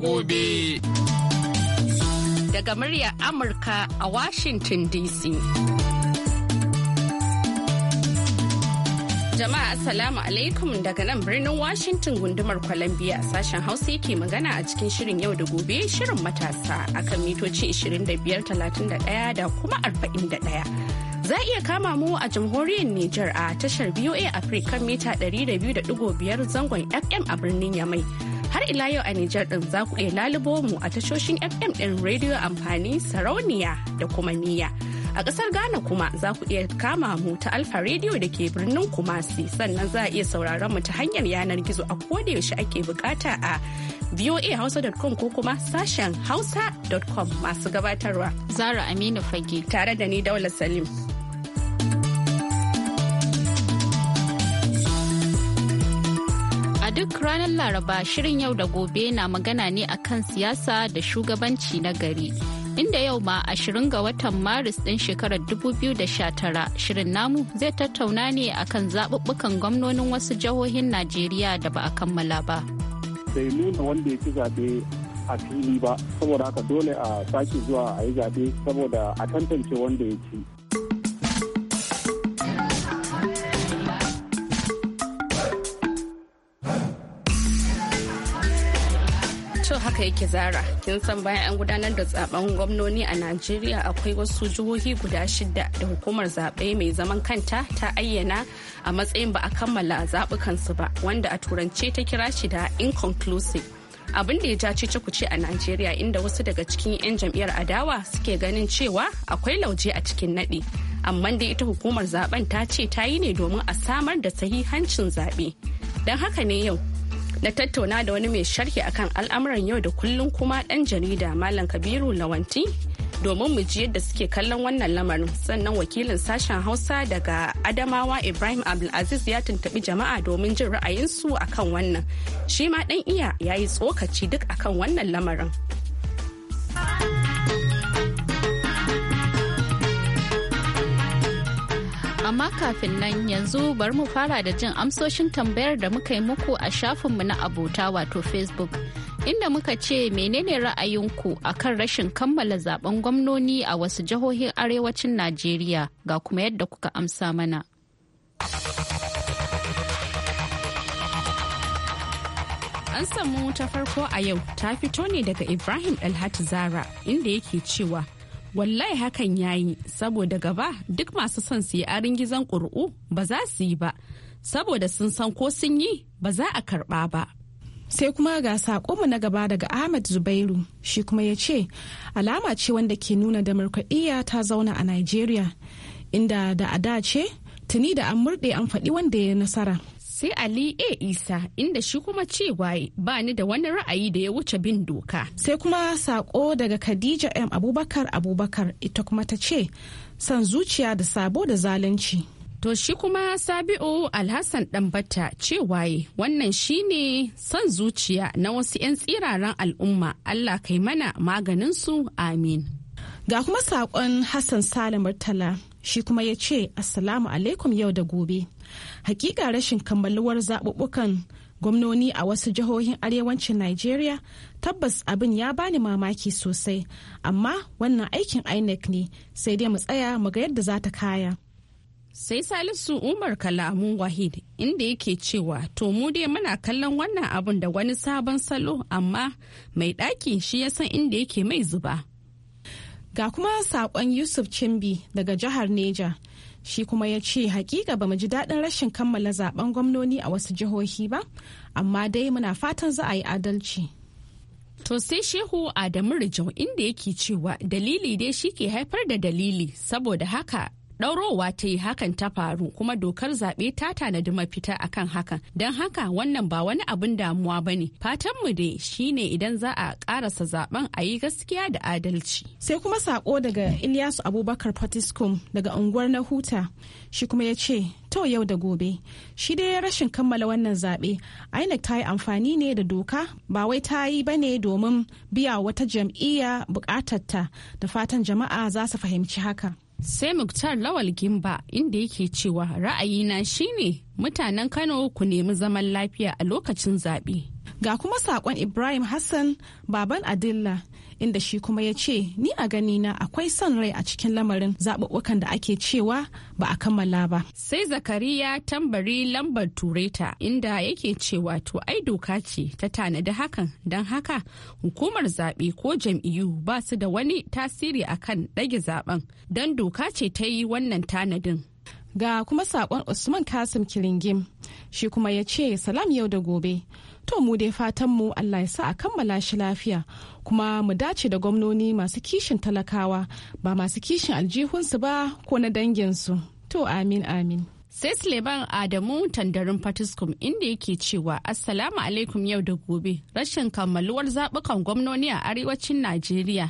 gobe. Daga muryar Amurka a Washington DC. Jama'a Assalamu alaikum daga nan birnin Washington gundumar Columbia sashen Hausa yake magana a cikin shirin yau da gobe shirin matasa akan mitoci 25,31 da kuma 41. za a iya kama mu a jamhuriyar Nijar a tashar VOA Africa mita 200.5 zangon FM a birnin Yamai. Har ila yau a Nijar ɗin za ku iya lalubo mu a tashoshin FM ɗin rediyo amfani sarauniya da kuma Niya. A ƙasar Ghana kuma za ku iya kama mu ta Alfa Radio da ke birnin Kumasi sannan za a iya sauraron mu ta hanyar yanar gizo a koda yaushe ake bukata a voahausa.com ko kuma sashen hausa.com masu gabatarwa. Zara Aminu Fage. Tare da ni Daula Salim. duk ranar Laraba shirin yau da gobe na magana ne akan siyasa da shugabanci na gari. Inda yau ma ashirin ga watan Maris ɗin shekarar 2019 shirin namu zai tattauna ne akan zaɓuɓɓukan gwamnonin wasu jihohin Najeriya da ba a kammala ba. Bai nuna wanda ya ci zaɓe a fili ba, saboda haka dole a sake zuwa a yi zaɓe saboda a tantance wanda ya ci. haka yake zara kin san bayan an gudanar da zaben gwamnoni a najeriya akwai wasu jihohi guda shida da hukumar zaɓe mai zaman kanta ta ayyana a matsayin ba a kammala zaɓukansu ba wanda a turance ta kira shi da inconclusive abin da ya ja cece a najeriya inda wasu daga cikin 'yan jam'iyyar adawa suke ganin cewa akwai lauje a cikin naɗi amma dai ita hukumar zaben ta ce ta yi ne domin a samar da sahihancin zaɓe don haka ne yau na tattauna da wani mai sharhi akan al'amuran yau da kullum kuma ɗan jarida Malam Kabiru Lawanti domin mu ji yadda suke kallon wannan lamarin sannan wakilin sashen Hausa daga Adamawa Ibrahim Abdulaziz ya tuntaɓi jama'a domin jin ra'ayinsu akan wannan. Shi ma dan iya ya yi tsokaci duk akan wannan lamarin. amma kafin nan yanzu bari mu fara da jin amsoshin tambayar da muka yi muku a shafinmu na abota wato Facebook. Inda muka ce menene ra'ayinku a kan rashin kammala zaben gwamnoni a wasu jihohin arewacin Najeriya ga kuma yadda kuka amsa mana. an samu ta farko a yau ta fito ne daga Ibrahim alhaji Zara inda yake cewa wallahi hakan ya yi saboda gaba duk masu son su yi arin gizan ƙuri'u ba za su yi ba saboda sun san ko sun yi ba za a karɓa ba sai kuma ga mu na gaba daga ahmad zubairu shi kuma ya ce alama ce wanda ke nuna da murkaɗiya ta zauna a nigeria inda da a da ce tuni da an murɗe an faɗi wanda ya yi nasara sai ali a isa inda shi kuma cewa ba ni da wani ra'ayi da ya wuce bin doka sai kuma sako daga khadija m abubakar abubakar ita kuma ta ce 'San zuciya da sabo da zalunci To shi kuma Sabi'u Alhassan Dambata cewa wannan shine son zuciya na wasu 'yan tsiraran al'umma Allah kai mana maganin su amin. Ga kuma saƙon Hassan Salim Murtala shi kuma ya ce Assalamu alaikum yau da gobe. Hakika rashin kammaluwar zaɓuɓɓukan gwamnoni a wasu jihohin arewacin Najeriya tabbas abin ya bani mamaki sosai amma wannan aikin INEC ne sai dai mu tsaya mu ga yadda za ta kaya. Sai Salisu Umar Kalamun Wahid inda yake cewa to mu dai muna kallon wannan abun da wani sabon salo amma mai ɗaki shi ya san inda yake mai zuba. Ga kuma saƙon Yusuf Cimbi daga jihar Neja shi kuma ya ce hakika ba mu ji daɗin rashin kammala zaben gwamnoni a wasu jihohi ba amma dai muna fatan za a yi adalci To sai Shehu Adamu Rijau inda yake cewa dalili dai shi ke haifar da dalili saboda haka ɗaurowa ta yi hakan ta faru kuma dokar zaɓe ta tanadi mafita akan hakan don haka wannan ba wani abin damuwa ba ne fatanmu dai shine idan za a ƙarasa zaben a yi gaskiya da adalci sai kuma sako daga ilyasu abubakar fatiskum daga unguwar na huta shi kuma ya ce to yau da gobe shi dai rashin kammala wannan zaɓe inec ta yi amfani ne da doka ba wai ta yi ba ne domin biya wata jam'iyya bukatarta da fatan jama'a za su fahimci haka sai muktar lawal gimba inda yake cewa ra'ayina shine mutanen kano ku nemi zaman lafiya a lokacin zaɓe Ga kuma saƙon Ibrahim Hassan baban Adilla inda shi kuma ya ce ni a gani na akwai son rai a cikin lamarin zaɓuɓɓukan da ake cewa ba a kammala ba. Sai Zakariya tambari lambar tureta inda yake cewa to ai doka ce ta tanadi hakan don haka hukumar zaɓe ko jam'iyyu ba su da wani tasiri akan ɗage zaɓen don doka ce ta yi wannan tanadin. Ga kuma saƙon Usman Kasim Kiringim. shi kuma ya ce salam yau da gobe to mu dai fatan mu Allah ya sa a kammala shi lafiya kuma mu dace da gwamnoni masu kishin talakawa ba masu kishin aljihunsu ba ko na danginsu to amin amin sai Suleiman Adamu tandarin Fatiskum inda yake cewa Assalamu alaikum yau da gobe rashin kammaluwar zaɓukan gwamnoni a arewacin Najeriya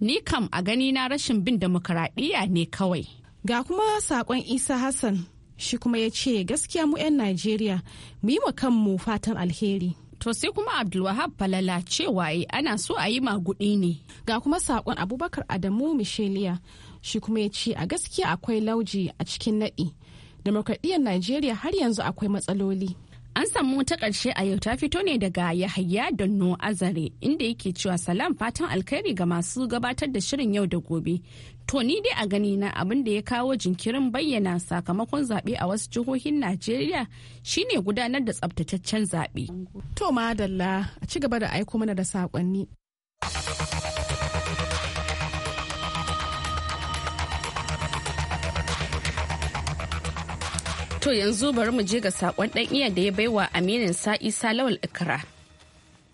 ni kam a gani na rashin bin demokaradiyya ne kawai. Ga kuma saƙon Isa Hassan shi kuma ya ce gaskiya mu 'yan najeriya mu yi kanmu fatan alheri to sai kuma abdulwahab falala cewa ana so a yi magudi ne ga kuma saƙon abubakar adamu misheliya shi kuma ya ce a gaskiya akwai lauji a cikin naɗi demokradiyyar najeriya har yanzu akwai matsaloli An samu ta ƙarshe a yau ta fito ne daga Yahaya Donno Azare inda yake cewa salam fatan alkhairi ga masu gabatar da shirin yau da gobe. To ni dai a gani na abin da ya kawo jinkirin bayyana sakamakon zaɓe a wasu jihohin Najeriya shine gudanar da tsabtataccen zaɓe. To madalla a ci gaba da aiko mana da saƙonni. To yanzu bari mu je ga saƙon ɗan iya da ya baiwa aminin sa'i salawal ikra.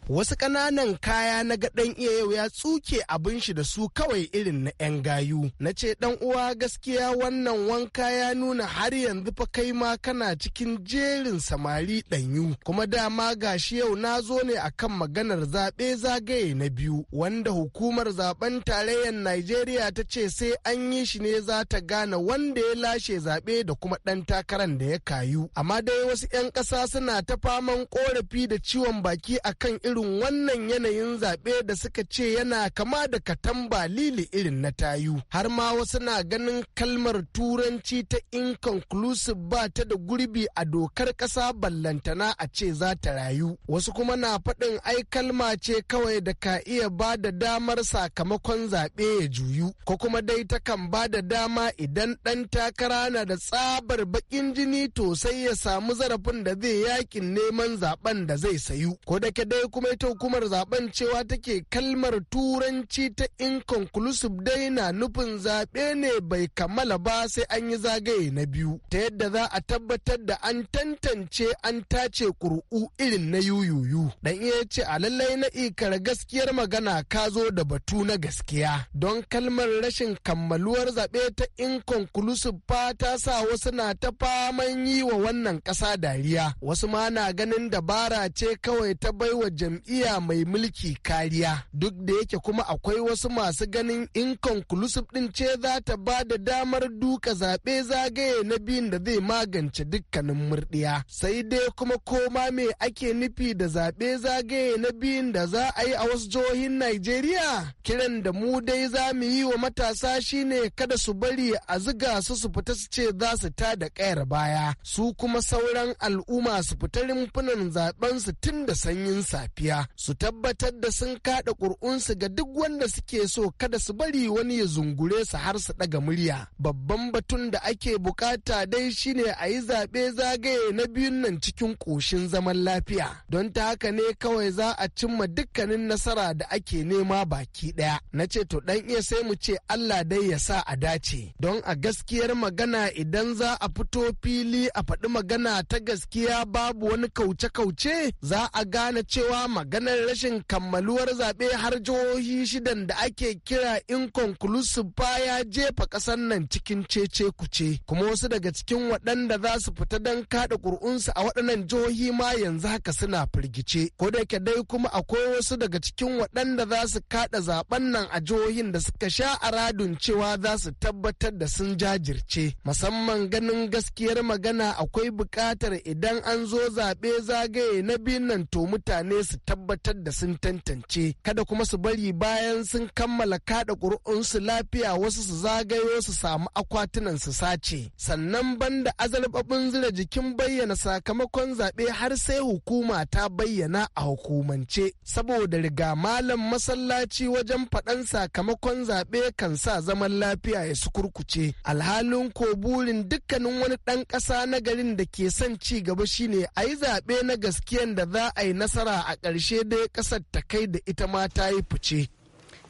wasu ƙananan kaya na ga ɗan iya yau ya tsuke abin shi da su kawai irin na 'yan gayu na ce ɗan uwa gaskiya wannan wanka ya nuna har yanzu fa kai ma kana cikin jerin samari ɗanyu kuma dama gashi yau na zo ne akan maganar zaɓe zagaye na biyu wanda hukumar zaben tarayyar Najeriya ta ce sai an yi shi ne za ta gane wanda ya lashe zaɓe da kuma ɗan takaran da ya kayu amma dai wasu 'yan ƙasa suna ta faman korafi da ciwon baki akan irin irin wannan yanayin zaɓe da suka ce yana kama da katamba lili irin na tayu har ma wasu na ganin kalmar turanci ta inconclusive ba ta da gurbi a dokar ƙasa ballantana a ce za ta rayu wasu kuma na faɗin ai kalma ce kawai da ka iya ba da damar sakamakon zaɓe ya juyu ko kuma dai ta kan ba da dama idan ɗan takara na da tsabar baƙin jini to sai ya samu zarafin da zai yakin neman zaben da zai sayu ko da ke dai kuma kuma ita hukumar zaben cewa take kalmar turanci ta inconclusive dai na nufin zaɓe ne bai kammala ba sai an yi zagaye na biyu ta yadda za a tabbatar da an tantance an tace ƙuri'u irin na yuyuyu dan iya ce a lallai na ikar gaskiyar magana ka zo da batu na gaskiya don kalmar rashin kammaluwar zaɓe ta inconclusive fa ta sa wasu na ta faman yi wa wannan ƙasa dariya wasu ma na ganin dabara ce kawai ta baiwa jami'a jam'iyya mai mulki kariya duk da yake kuma akwai wasu masu ganin inconclusive din ce za ta ba da damar duka zaɓe zagaye na biyun da zai magance dukkanin murɗiya sai dai kuma koma me ake nufi da zaɓe zagaye na biyun da za a yi a wasu jihohin Najeriya kiran da mu dai za mu yi wa matasa shine kada su bari a ziga su su fita su ce za su ta da kayar baya su kuma sauran al'umma su fita rumfunan zaɓen su tun da sanyin safi lafiya su tabbatar da sun kada ƙur'unsu ga duk wanda suke so kada su bari wani ya zungure su har su ɗaga murya babban batun da ake bukata dai shine a yi zaɓe zagaye na biyun nan cikin ƙoshin zaman lafiya don ta haka ne kawai za a cimma dukkanin nasara da ake nema baki ɗaya na ce to dan iya sai mu ce Allah dai ya sa a dace don a gaskiyar magana idan za a fito fili a faɗi magana ta gaskiya babu wani kauce-kauce za a gane cewa maganar rashin kammaluwar zaɓe har jihohi shidan da ake kira in inconclusive ya jefa ƙasar nan cikin cece kuce kuma wasu daga cikin waɗanda za su fita don kaɗa ƙuri'unsu a waɗannan jihohi ma yanzu haka suna firgice ko da yake dai kuma akwai wasu daga cikin waɗanda za su kaɗa zaben nan a jihohin da suka sha aradun cewa za su tabbatar da sun jajirce musamman ganin gaskiyar magana akwai buƙatar idan an zo zaɓe zagaye na biyun nan to mutane su su tabbatar da sun tantance kada kuma su bari bayan sun kammala kada su lafiya wasu su zagayo su samu akwatunan su sace sannan banda azalbabin zira jikin bayyana sakamakon zaɓe har sai hukuma ta bayyana a hukumance saboda riga malam masallaci wajen faɗan sakamakon zaɓe kan sa zaman lafiya ya su kurkuce alhalin ko burin dukkanin wani ɗan ƙasa na garin da ke son ci gaba shine a yi zaɓe na gaskiyan da za a yi nasara a ƙarshe dai ƙasar ta kai da ita ma ta yi fice.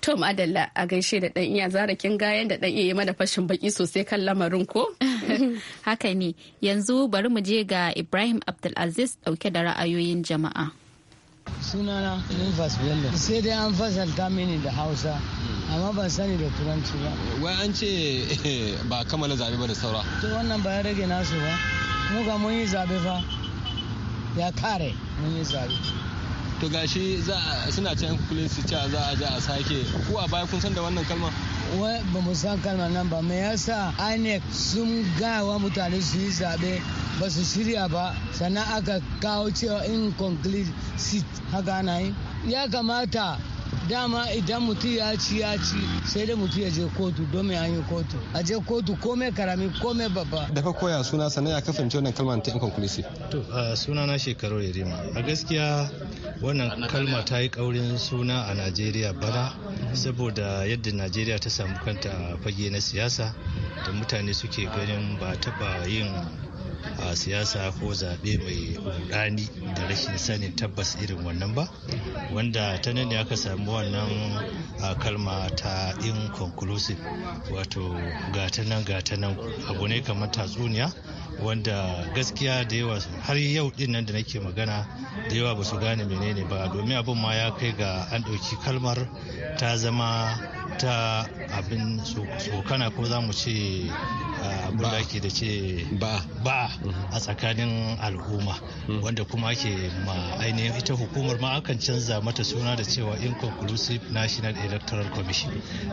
Tom Adalla a gaishe da ɗan iya zara kin ga yanda ɗan iya yi mana fashin baki sosai kan lamarin ko? Haka ne yanzu bari mu je ga Ibrahim Abdulaziz ɗauke da ra'ayoyin jama'a. Sunana Nufas Bello sai dai an fasalta mini da Hausa amma ban sani da Turanci ba. Wai an ce ba kammala zabe ba da saura. To wannan ba ya rage nasu ba. Mu ga mun yi zabe fa ya kare mun yi zabe. to gashi suna can kulin su cewa za a je a sake ku a baya kun san da wannan kalma wai ba mu san kalma nan ba me yasa INEC sun gawa mutane su yi zaɓe ba su shirya ba sannan aka kawo cewa in incomplete seat haka na yi ya kamata dama idan mutum ya ci ya ci sai dai mutum ya je kotu don mai hanyar kotu a je kotu komai karami komai babba da ka koya suna sannan ya kasance wannan kalmar ta inconclusive to suna na shekaru ya rima a gaskiya wannan kalma ta yi kaurin suna a najeriya bana saboda yadda najeriya ta samu kanta fage na siyasa da mutane suke ganin ba taba yin a siyasa ko zaɓe mai rudani da rashin sanin tabbas irin wannan ba wanda ta nan ne aka samu wannan kalma ta inconclusive wato nan gata nan abu ne kamar tatsuniya wanda gaskiya da yawa har yau din nan da nake magana da yawa ba su gane menene ba domin abin ma ya kai ga an ɗauki kalmar ta zama ta abin tsokana ko za mu ce abinda ake da ce ba ba a tsakanin al'umma hmm. wanda kuma ake ma ainihin ita hukumar ma akan canza mata suna da cewa inconclusive national electoral commission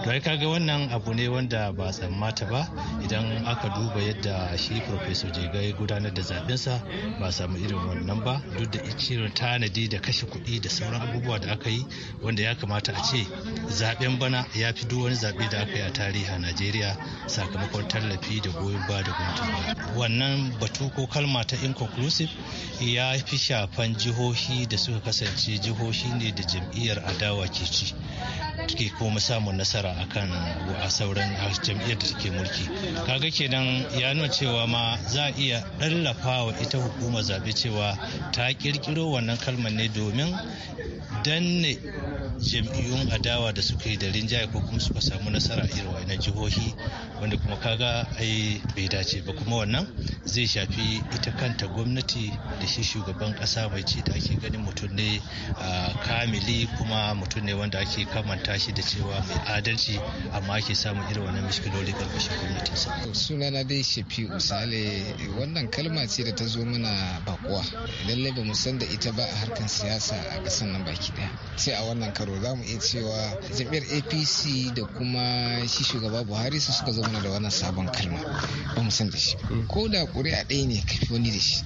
ai kaga wannan abu ne wanda ba tsammata ba idan aka duba yadda shi professor jega ya gudanar da zaɓensa ba samu irin wannan ba duk da irin tanadi da kashe kuɗi da sauran abubuwa da aka yi wanda ya kamata a ce zaɓen bana ya fi duk wani zabe da aka yi a tarihi a najeriya sakamakon tallafi da goyon ba da gwamnati wannan batu ko kalma ta inconclusive ya fi shafan jihohi da suka kasance jihohi ne da jam'iyyar adawa ke ci Ke kuma samun nasara a kan a sauran jam'iyyar da take mulki kaga kenan ya nuna cewa ma za a iya ɗallafa wa ita hukuma zaɓe cewa ta ƙirƙiro wannan kalmar ne domin danne jam'iyyun adawa da suka yi da rinjaye ko kuma suka samu nasara a irin wa'ina jihohi wanda kuma kaga ai bai dace ba kuma wannan zai shafi ita kanta gwamnati da shi shugaban ƙasa mai ci da ake ganin mutum ne ah, kamili kuma mutum ne wanda ake kamanta shi da cewa mai adalci amma ake samun irin wannan mishkiloli karkashin suna sunana dai shafi'u sale wannan kalma ce da ta zo mana bakuwa lallai ba mu san da ita ba a harkar siyasa a kasan nan baki daya sai a wannan karo za mu iya cewa jam'iyyar apc da kuma shi shugaba buhari su suka zo mana da wannan sabon kalma ba mu san da shi ko da ƙuri'a ɗaya ne kafi wani da shi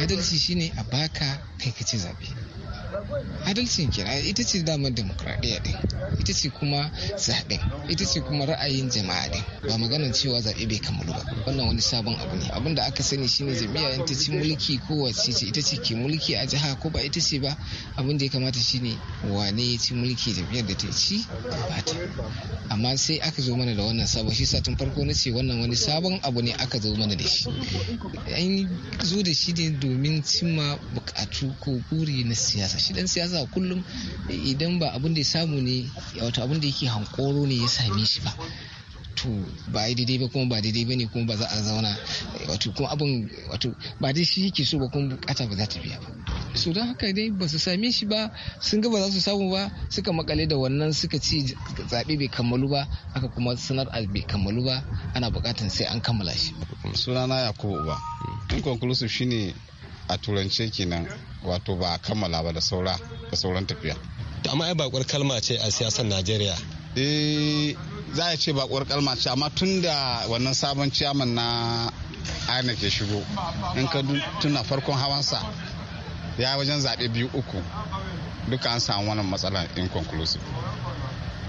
adalci shine a baka kai ka ci zaɓe adalcin kira ita ce damar demokradiyya din ita ce kuma zaɓen ita ce kuma ra'ayin jama'a din ba maganar cewa zaɓe bai kammalu ba wannan wani sabon abu ne abin da aka sani shine jami'a yanta ci mulki ko wace ce ita ce ke mulki a jiha ko ba ita ce ba abin da ya kamata shine wane ya ci mulki jami'ar da ta ci ba ta amma sai aka zo mana da wannan sabon shi sa tun farko na ce wannan wani sabon abu ne aka zo mana da shi zo da shi ne domin cimma bukatu ko buri na siyasa shi dan siyasa kullum idan ba abin da ya samu ne wato abin da yake hankoro ne ya same shi ba to ba daidai ba kuma ba daidai ba ne kuma ba za a zauna wato kuma abin wato ba dai shi yake so ba kuma bukata ba za ta biya ba su don haka dai ba su same shi ba sun ga ba za su samu ba suka makale da wannan suka ci zaɓe bai kammalu ba aka kuma sanar a bai kammalu ba ana buƙatar sai an kammala shi sunana kowa ba in conclusive shine a turance kenan wato ba a kammala ba da saura da sauran tafiya to amma ai bakwar kalma ce a siyasar najeriya eh za a ce bakwar kalma ce amma tun da wannan sabon ciyaman na aina ke shigo in ka tuna farkon hawansa ya wajen zaɓe biyu uku duka an samu wannan matsala inconclusive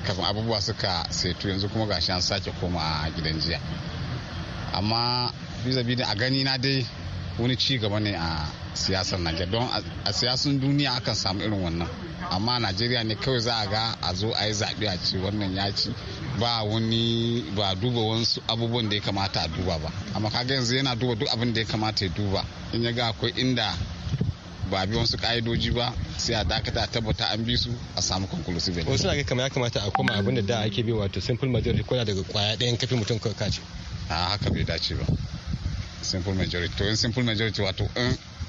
kafin abubuwa suka setu yanzu kuma gashi an sake koma a gidan jiya amma bizabi a gani na dai wani ci gaba ne a siyasar najeriya don a siyasun duniya akan samu irin wannan amma najeriya ne kawai za a ga a zo a yi zaɓe a ce wannan ya ci ba wani ba duba wasu abubuwan da ya kamata a duba ba amma kaga yanzu yana duba duk abin da ya kamata ya duba in ya ga akwai inda ba bi wasu ka'idoji ba sai a dakata a tabbata an bi su a samu conclusive wasu na kai ya kamata a koma abinda da da ake bi wato simple majority ko daga kwaya ɗayan kafi mutum kawai kace a haka bai dace ba simple majority to in simple majority wato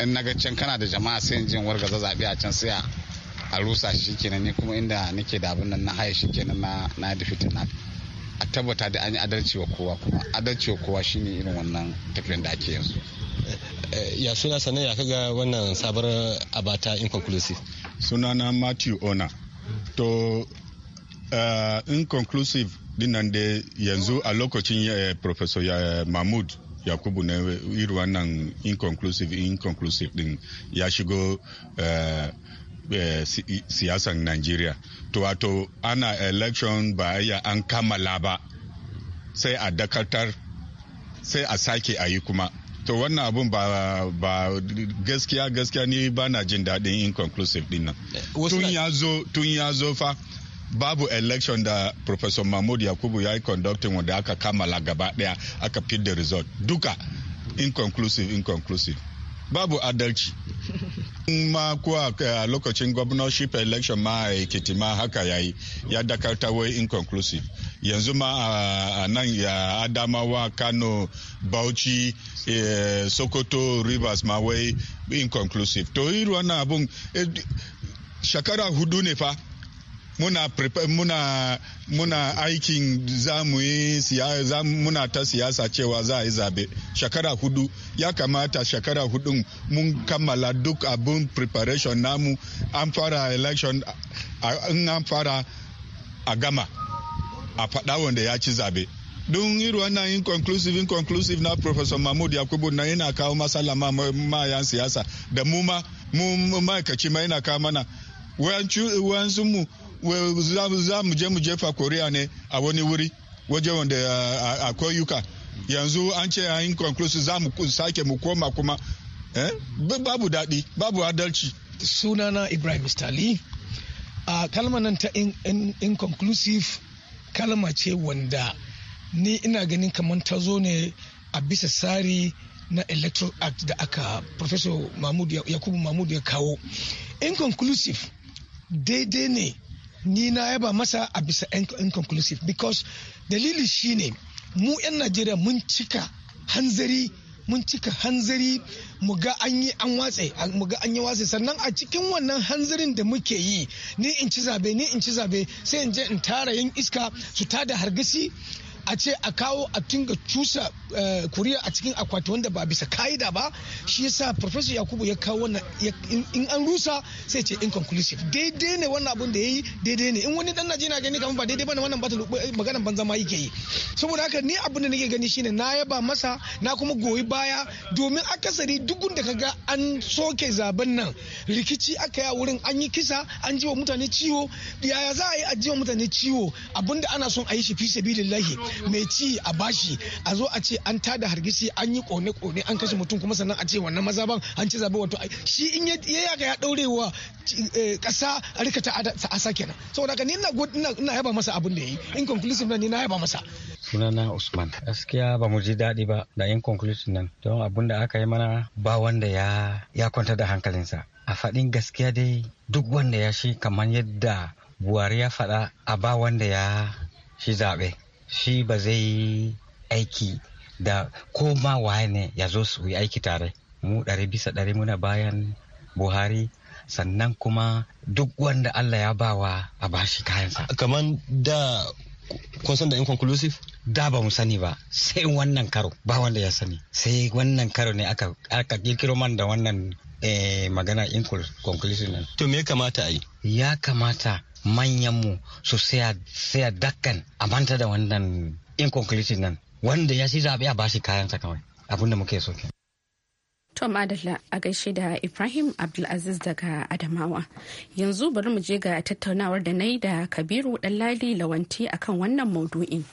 in na ga can kana da jama'a sai in jin wargaza zaɓe a can sai a rusa shi kenan ni kuma inda nake da abin nan na haye shi kenan na na defeated na a tabbata da an yi adalci wa kowa kuma adalci wa kowa shine irin wannan tafiyan da ake yanzu Eh, ya suna sannan ya kaga wannan sabar abata inconclusive sunana matthew ona to uh, inconclusive dinnan da yanzu a lokacin eh, professor mahmud yakubu na irin wannan inconclusive inconclusive din ya shigo uh, si, siyasan nigeria to wato ana election ba ya an kammala ba sai a dakatar sai a sake a yi kuma to wannan abun ba gaskiya gaskiya ni ba na jin daɗin inconclusive din nan tun ya zo fa babu election da professor mahmud yakubu ya yi conducting wanda aka kammala gaba daya aka fit the result duka inconclusive inconclusive babu adalci ma kuwa a eh, lokacin governorship election ma a eh, ekiti ma haka ya yi ya dakarta wai inconclusive yanzu ma a nan ya adamawa kano bauchi eh, sokoto rivers ma wai inconclusive to iri wannan abun shekara hudu ne fa muna muna muna aikin zamu yi muna ta siyasa cewa za a yi zabe shekara hudu ya kamata shekara hudun mun kammala duk abun preparation namu an fara election in an fara a gama a faɗa wanda ya ci zabe don iri wannan inconclusive inconclusive na professor mahmud yakubu na yana kawo masala ma mayan siyasa da mu ma mu ma'aikaci ma yana kawo mana wayansu mu za mu je mu jefa korea ne a wani wuri waje wanda akwai koyuka yanzu an ce an conclusion za mu sake mu koma kuma eh? babu daɗi babu adalci sunana ibrahim stali a kalmar nan ta inconclusive kalma ce wanda ni ina ganin kamar ta zo ne a bisa tsari na electoral act da aka professor yakubu mahmud ya kawo inconclusive daidai ne ni na yaba masa a bisa inconclusive because dalili shine mu 'yan najeriya mun cika hanzari mun cika hanzari mu ga an yi an watse mu ga an yi watse sannan a cikin wannan hanzarin da muke yi ni in ci zabe ni in ci zabe sai in je in tara yin iska su tada hargitsi a ce a kawo a tinga cusa eh, kuriya a cikin akwati wanda ba bisa ka'ida ba shi yasa professor yakubu ya kawo wannan in an rusa sai ce in inconclusive daidai ne wannan abun da yayi daidai ne in wani dan najeriya gani kamar ba daidai bane wannan ba eh, maganar banza ma yake yi saboda haka ni abun da nake gani shine na yaba masa na kuma goyi baya domin akasari duk da ga an soke zaben nan rikici aka yi a wurin an yi kisa an ji wa mutane ciwo yaya za a yi a ji wa mutane ciwo abinda ana son a yi shi fi sabilillahi mai ci a bashi a zo a ce an tada hargitsi an yi kone-kone an kashe mutum kuma sannan a ce wannan maza ban an ci zabe wato shi in ya yaga ya daurewa eh, kasa rika ta asa kenan saboda haka ni ina ina yaba masa abin da yayi in conclusive ni na yaba masa sunana Usman gaskiya ba mu ji daɗi ba da in conclusion nan don abin da aka yi mana ba wanda ya ya kwanta da hankalinsa a faɗin gaskiya dai duk wanda ya shi kamar yadda buhari ya faɗa a ba wanda ya shi zaɓe shi ba zai yi aiki da ko ma waye ne ya zo su yi aiki tare mu ɗari bisa ɗari muna bayan buhari sannan kuma duk wanda allah ya bawa a bashi kayansa Kaman da kun san da inconclusive da ba mu sani ba sai wannan karo ba wanda ya sani sai wannan karo ne aka kirkiro man da wannan eh, magana inconclusive nan to me ya kamata a yi ya kamata manyanmu su saya dakkan a manta da wannan inconclusive nan wanda ya shi zaɓe a bashi kayansa kawai abinda muke so ke. Tom Adalla a gaishe da Ibrahim Abdulaziz daga Adamawa. Yanzu bari mu je ga tattaunawar da na yi da Kabiru Dallali Lawanti akan wannan maudu'in.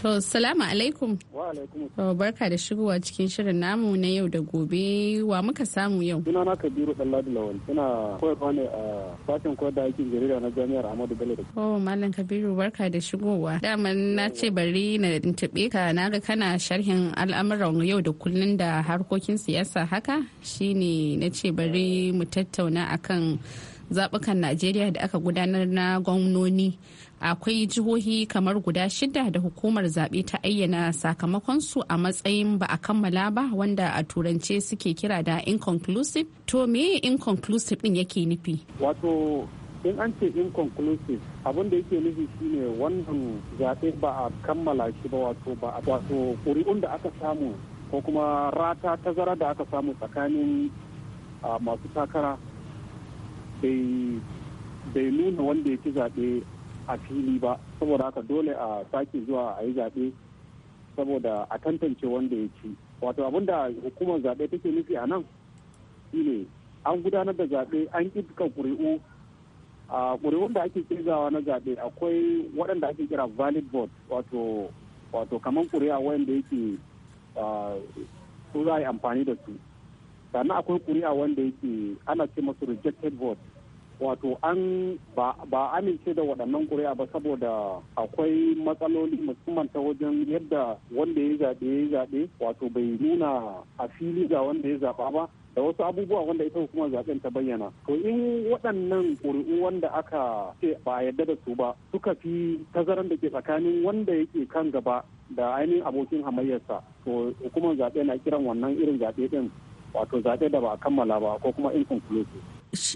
To, salamu alaikum. Wa alaikum. To, barka da shigowa cikin shirin namu na yau da gobe wa muka samu yau. Suna na Kabiru ladi Lawal. Ina koyarwa ne a sashen koyar da aikin jarida na Jami'ar Ahmadu Bello. Oh, Malam Kabiru barka da shigowa. Daman na ce bari na tuntuɓe ka na ga kana sharhin al'amuran yau da kullun da harkokin siyasa haka shine na ce bari mu tattauna akan zaɓukan Najeriya da aka gudanar na gwamnoni akwai jihohi kamar guda shida da hukumar zaɓe ta ayyana sakamakonsu a matsayin ba a kammala ba wanda a turance suke kira da inconclusive to me inconclusive din yake nufi wato in an ce inconclusive abin da yake nufi shine wannan zaɓe ba a kammala shi ba wato ba a wato ƙuri'un da aka samu ko kuma rata tazara da aka samu tsakanin masu takara bai nuna wanda ya zaɓe a fili ba saboda haka dole a sake zuwa a yi zaɓe saboda a tantance wanda ya ci wato abin hukumar zaɓe take nufi a nan shine an gudanar da zaɓe an ƙirƙa ƙuri'u a ƙuri'un da ake kirgawa na zaɓe akwai waɗanda ake kira valid vote wato kamar ƙuri'a wanda yake su za a yi amfani da su sannan akwai ƙuri'a wanda yake ana ce masu rejected vote wato an ba amince da waɗannan ƙuri'a ba saboda akwai matsaloli musamman ta wajen yadda wanda ya zaɓe ya zaɓe wato bai nuna a fili ga wanda ya zaɓa ba da wasu abubuwa wanda ita hukumar zaɓen ta bayyana to in waɗannan ƙuri'u wanda aka ce ba a yadda da su ba suka fi tazaran da ke tsakanin wanda yake kan gaba da ainihin abokin hamayyarsa to hukumar zaɓe na kiran wannan irin zaɓe ɗin wato zaɓe da ba a kammala ba ko kuma inconclusive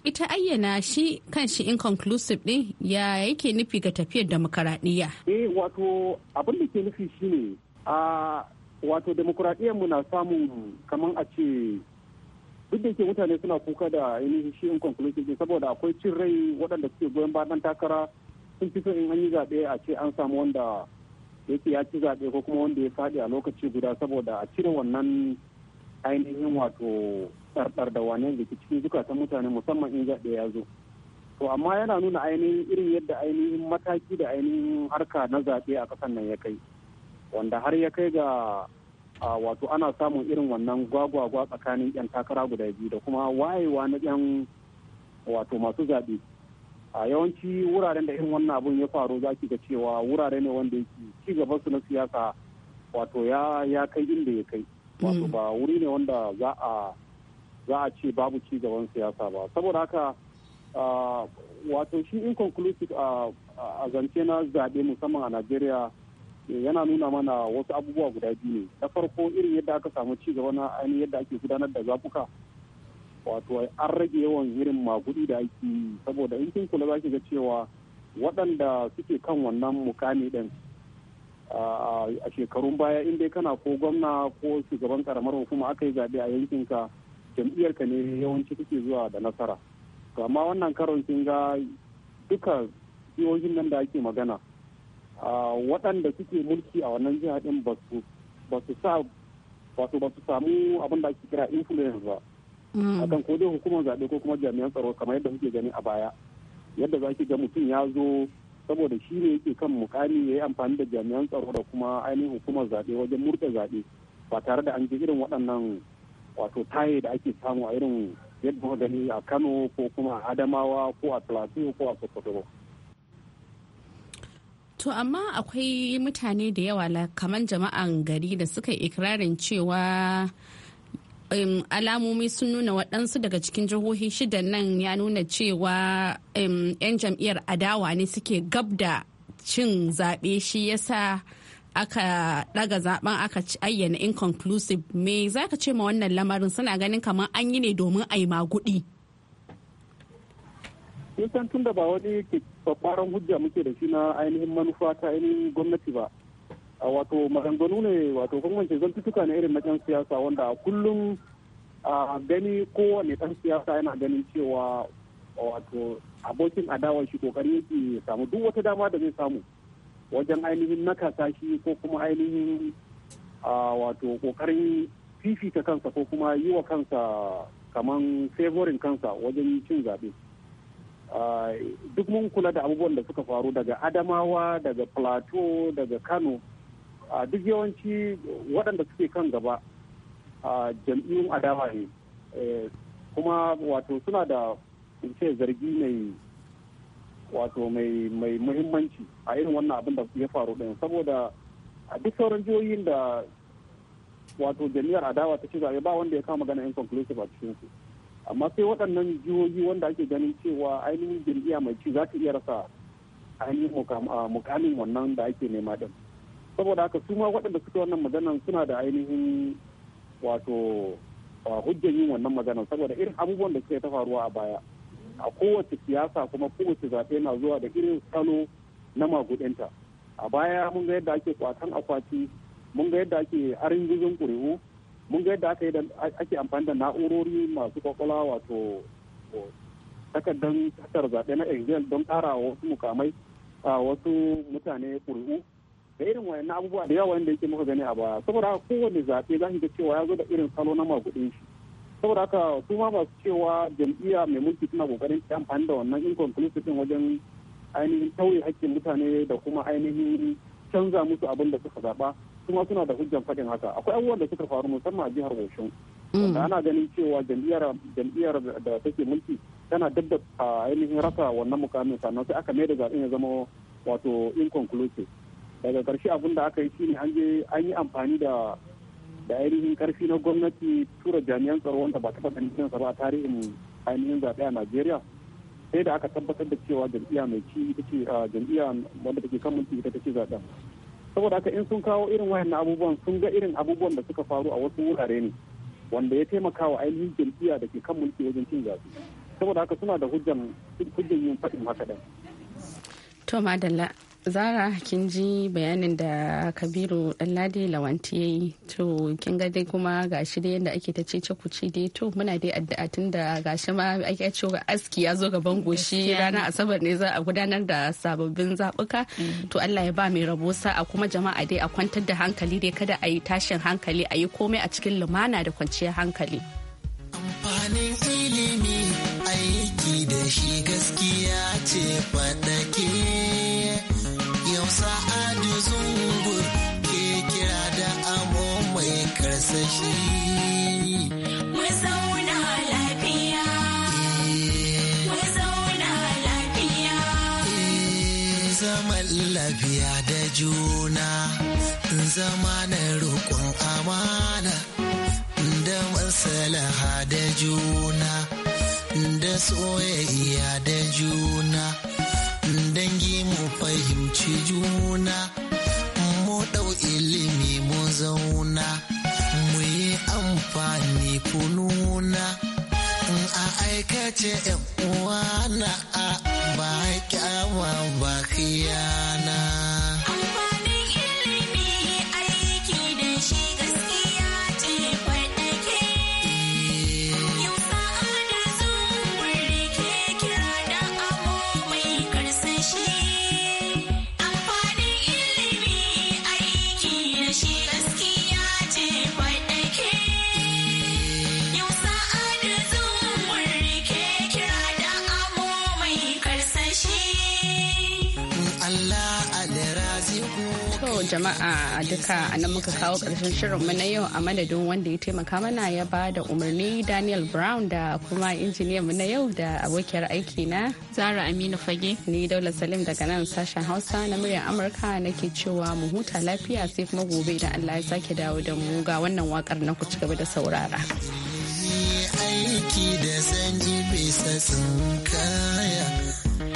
ita ayyana shi kan shi inconclusive din ya yake nufi ga tafiyar demokaradiyya. Eh wato abin da ke nufi ne a wato demokaradiyyar mu na samun kamar a ce duk da yake mutane suna kuka da yanayin shi inconclusive saboda akwai cin rai waɗanda suke goyon bayan takara sun fi in an yi zaɓe a ce an samu wanda yake ya ci zaɓe ko kuma wanda ya faɗi a lokaci guda saboda a cire wannan ainihin wato tsartsar da wane da ke cikin zukatan mutane musamman in zaɓe ya zo to amma yana nuna ainihin irin yadda ainihin mataki da ainihin harka na zaɓe a ƙasar nan ya kai wanda har ya kai ga wato ana samun irin wannan gwagwagwa tsakanin 'yan takara guda biyu da kuma wayewa na 'yan wato masu zaɓe a yawanci wuraren da irin wannan abun ya faru za ki ga cewa wurare ne wanda yake ci gaba su na siyasa wato ya kai inda ya kai wato mm. ba wuri ne wanda za a za a ce babu ci gaban siyasa ba saboda haka wato shi inconclusive a zance na zaɓe musamman a najeriya yana nuna mana wasu abubuwa guda biyu ne na farko irin yadda aka samu ci gaba na ainihin yadda ake gudanar da zaɓuka wato an rage yawan irin magudi da ake yi saboda in kin kula zaki ga cewa waɗanda suke kan wannan mukami ɗin a shekarun baya in dai kana ko gwamna ko shugaban karamar hukuma aka yi zaɓe a yankinka jam'iyyarka ne yawanci kuke zuwa da nasara to amma wannan karon kin ga duka jihohin nan da ake magana waɗanda suke mulki a wannan jiha ɗin ba su ba su samu abin da ake kira influence ba mm. akan kan kodin hukumar zaɓe ko kuma jami'an tsaro kamar yadda kuke gani a baya yadda za ki ga mutum ya zo saboda shi ne yake kan mukami ya yi amfani da jami'an tsaro da kuma ainihin hukumar zaɓe wajen murɗe zaɓe ba tare da an ji irin waɗannan wato taye da ake samu a irin yadda gani a kano ko kuma a adamawa ko a plateau ko a sokoto to amma akwai mutane da yawa kamar jama'an gari da suka yi ikirarin cewa Um, alamomi sun nuna waɗansu daga cikin jihohi shida nan ya nuna cewa 'yan jam'iyyar adawa ne suke gab da cin zaɓe shi yasa aka daga zaben aka ci ayyana inconclusive me za ka ce ma wannan lamarin suna ganin kamar an yi ne domin a yi magudi nisan tun da ba wani babbaran hujja muke da shi na ainihin manufa ta ainihin gwamnati ba a wato maganganu ne wato gwamnati zantutuka na irin na ɗan siyasa wanda kullum a gani kowane ɗan siyasa yana ganin cewa wato abokin adawar shi kokari yake samu duk wata dama da zai samu wajen ainihin nakasa shi ko kuma ainihin wato kokarin fifita kansa ko kuma yi wa kansa kaman favorin kansa wajen cin zaɓe duk mun kula da abubuwan da suka faru daga adamawa daga plateau daga kano duk yawanci waɗanda suke kan gaba jam'iyyun adama ne eh, kuma wato suna da ce zargi mai wato mai muhimmanci a irin wannan abin da ya faru din saboda a duk sauran jihohin da wato jami'ar adawa ta ci zaɓe ba wanda ya kama magana inconclusive a cikin su amma sai waɗannan jihohi wanda ake ganin cewa ainihin jam'iyya mai ci za ta iya rasa ainihin mukamin wannan da ake nema din saboda haka su ma waɗanda suke wannan maganan suna da ainihin wato hujjan yin wannan maganan saboda irin abubuwan da suke ta faruwa a baya a kowace siyasa kuma kowace zaɓe na zuwa da irin salo na magudinta a baya mun ga yadda ake kwatan akwati mun ga yadda ake aringizin ƙuri'u mun ga yadda ake amfani da na'urori masu kwakwala wato takardar tattara zaɓe na exil don ƙara wasu mukamai a wasu mutane ƙuri'u da irin wayan abubuwa da yawa wanda yake muka gani a baya saboda kowane zaɓe za ga cewa ya zo da irin salo na magudin shi saboda haka su ma masu cewa jam'iyya mai mulki suna kokarin ta amfani da wannan inconclusive din wajen ainihin tauye hakkin mutane da kuma ainihin canza musu abin da suka zaba kuma suna da hujjan fadin haka akwai abubuwan da suka faru musamman a jihar Oshun wanda mm. ana ganin cewa jam'iyyar jam'iyyar da take mulki tana dab ainihin rasa wannan mukamin sannan sai aka mai da zaɓen ya zama wato inconclusive daga ƙarshe abin da aka yi shine an je an yi amfani da da ainihin karfi na gwamnati tura jami'an tsaro wanda ba taɓa ganin ba a tarihin ainihin zaɓe a najeriya sai da aka tabbatar da cewa jam'iyya mai ci ita ce jam'iyya wanda take kan mulki ita take zaɓen saboda haka in sun kawo irin wayannan abubuwan sun ga irin abubuwan da suka faru a wasu wurare ne wanda ya taimaka wa ainihin jam'iyya da ke kan mulki wajen cin zaɓe saboda haka suna da hujjan hujjan yin faɗin haka ɗin. to madalla zara kin ji bayanin da kabiru ɗanladi lawanti ya yi to kin ga dai kuma shi dai yadda ake ta ce ku ci dai to muna dai addu'a tun da gashi ma ake ce ga aski ya zo gaban goshi ranar asabar ne za a gudanar da sababbin zabuka mm. to Allah ya ba mai rabo sa'a kuma jama'a dai a kwantar da hankali dai kada a yi tashin hankali a yi komai a cikin lumana da kwanciyar hankali. Amfanin ilimi aiki da shi gaskiya ce faɗake. juna zama na roƙon amana da masalaha da juna da soyayya da juna dangi mu fahimci juna mu ɗau ilimi mu zauna mu yi amfani kununa a aikace uwana a ba kyawa ba kiyana jama'a a duka a nan muka kawo ƙarshen shirinmu na yau a madadin wanda ya taimaka mana ya ba da umarni Daniel Brown da kuma injiniyanmu na yau da abokiyar aiki na Zara Aminu Fage. Ni Daula Salim daga nan sashen Hausa na muryar Amurka nake cewa mu huta lafiya sai kuma gobe idan Allah ya sake dawo da mu ga wannan wakar na ku ci gaba da saurara. Aiki da bisa sun kaya.